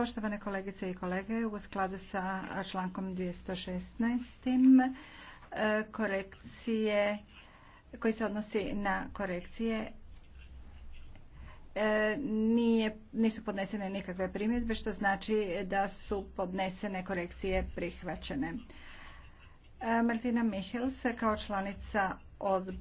Poštovane kolegice i kolege, u skladu sa člankom 216. E, korekcije koji se odnosi na korekcije e, nije, nisu podnesene nikakve primjedbe, što znači da su podnesene korekcije prihvaćene. E, Martina Mihels kao članica odbora